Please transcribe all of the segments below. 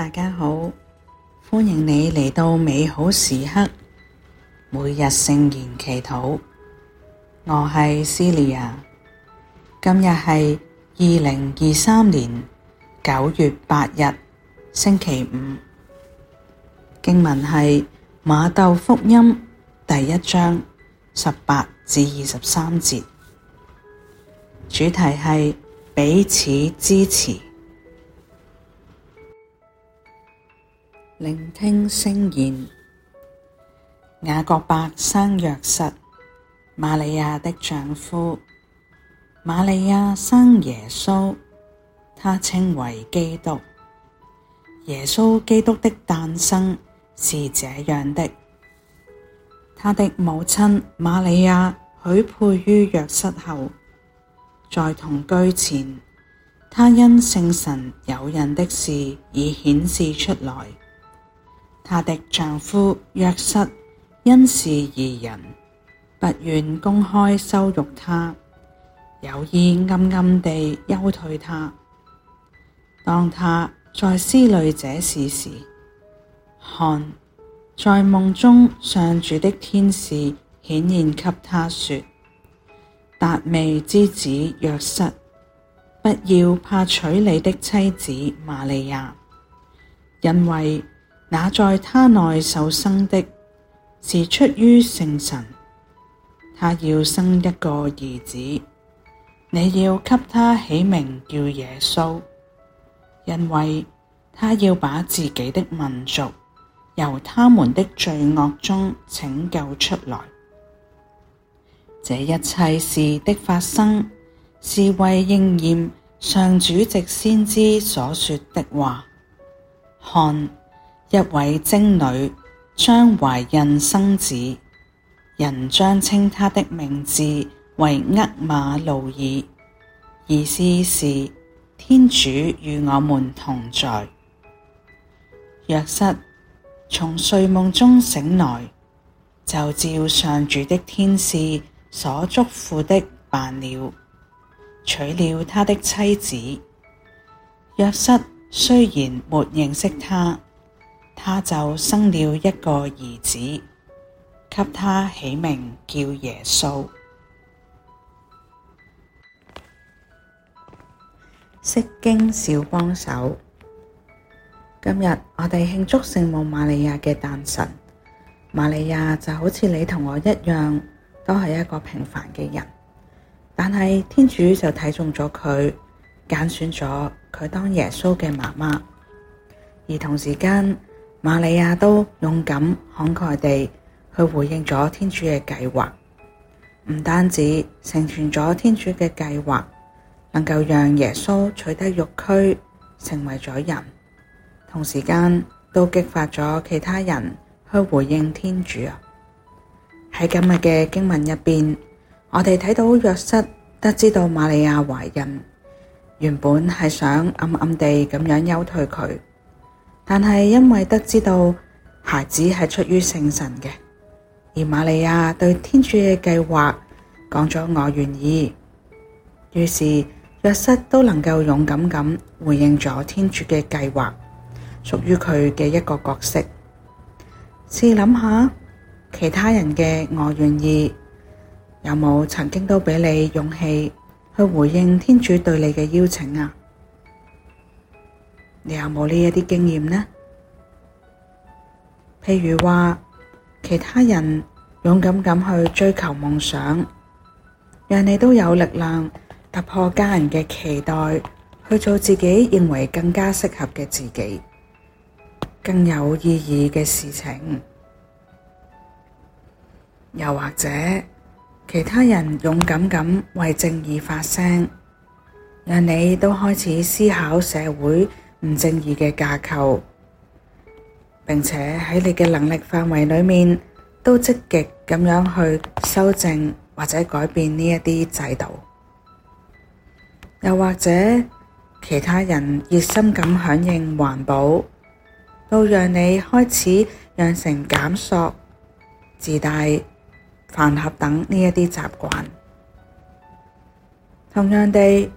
大家好，歡迎你嚟到美好時刻，每日聖言祈禱。我係 Celia，今日係二零二三年九月八日星期五。經文係馬竇福音第一章十八至二十三節，主題係彼此支持。聆聽聖言，雅各伯生若瑟，瑪利亞的丈夫，瑪利亞生耶穌，他稱為基督。耶穌基督的誕生是這樣的：他的母親瑪利亞許配於若瑟後，在同居前，他因聖神有孕的事已顯示出來。她的丈夫約瑟因是義人，不願公開羞辱她，有意暗暗地休退她。當她在思慮這事時，看在夢中上主的天使顯現給她說：達味之子約瑟，不要怕娶你的妻子瑪利亞，因為。那在他內受生的，是出於聖神。他要生一個兒子，你要給他起名叫耶穌，因為他要把自己的民族，由他們的罪惡中拯救出來。這一切事的發生，是為應驗上主藉先知所說的話。看。一位貞女將懷孕生子，人將稱她的名字為厄瑪奴耳，意思是天主與我們同在。若瑟從睡夢中醒來，就照上主的天使所囑咐的辦了，娶了他的妻子。若瑟雖然沒認識他。他就生了一個兒子，給他起名叫耶穌。釋經小幫手，今日我哋慶祝聖母瑪利亞嘅誕辰。瑪利亞就好似你同我一樣，都係一個平凡嘅人，但係天主就睇中咗佢，揀選咗佢當耶穌嘅媽媽，而同時間。瑪利亞都勇敢慷慨地去回應咗天主嘅計劃，唔單止成全咗天主嘅計劃，能夠讓耶穌取得肉軀成為咗人，同時間都激發咗其他人去回應天主啊！喺今日嘅經文入邊，我哋睇到若瑟得知到瑪利亞懷孕，原本係想暗暗地咁樣休退佢。但係因為得知到孩子係出於聖神嘅，而瑪利亞對天主嘅計劃講咗我願意，於是若瑟都能夠勇敢咁回應咗天主嘅計劃，屬於佢嘅一個角色。試諗下其他人嘅我願意，有冇曾經都俾你勇氣去回應天主對你嘅邀請啊？你有冇呢一啲經驗呢？譬如話其他人勇敢咁去追求夢想，讓你都有力量突破家人嘅期待，去做自己認為更加適合嘅自己，更有意義嘅事情。又或者其他人勇敢咁為正義發聲，讓你都開始思考社會。唔正義嘅架構，並且喺你嘅能力範圍裡面，都積極咁樣去修正或者改變呢一啲制度，又或者其他人熱心咁響應環保，都讓你開始養成減塑、自帶飯盒等呢一啲習慣。同樣地。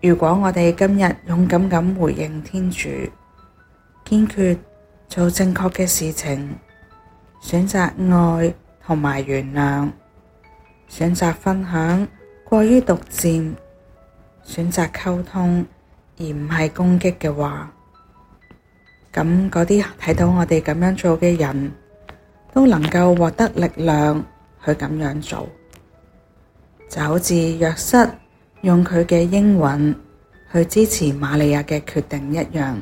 如果我哋今日勇敢咁回應天主，堅決做正確嘅事情，選擇愛同埋原諒，選擇分享，過於獨佔，選擇溝通而唔係攻擊嘅話，咁嗰啲睇到我哋咁樣做嘅人都能夠獲得力量去咁樣做，就好似若瑟。用佢嘅應允去支持瑪利亞嘅決定一樣，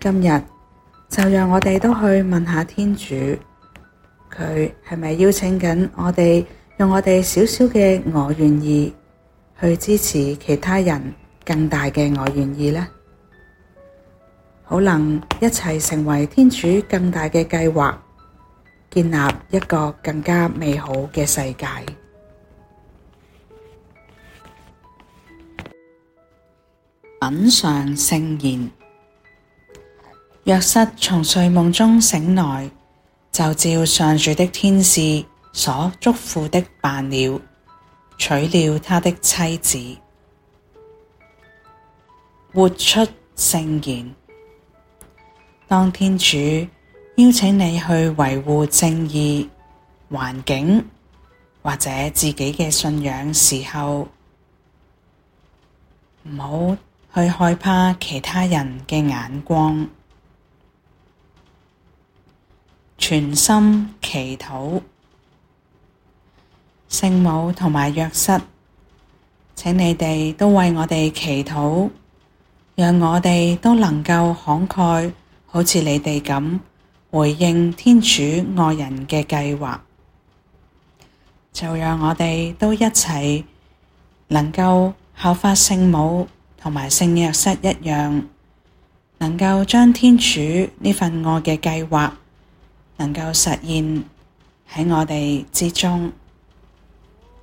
今日就讓我哋都去問下天主，佢係咪邀請緊我哋，用我哋少少嘅我願意去支持其他人更大嘅我願意呢？可能一齊成為天主更大嘅計劃，建立一個更加美好嘅世界。品嚐聖言。若瑟從睡夢中醒來，就照上主的天使所囑咐的辦了，娶了他的妻子。活出聖言。當天主邀請你去維護正義、環境或者自己嘅信仰時候，唔好，去害怕其他人嘅眼光。全心祈禱。聖母同埋若瑟，請你哋都為我哋祈禱，讓我哋都能夠慷慨，好似你哋咁回應天主愛人嘅計劃。就讓我哋都一齊能夠效法聖母。同埋聖若瑟一樣，能夠將天主呢份愛嘅計劃能夠實現喺我哋之中，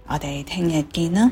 我哋聽日見啦。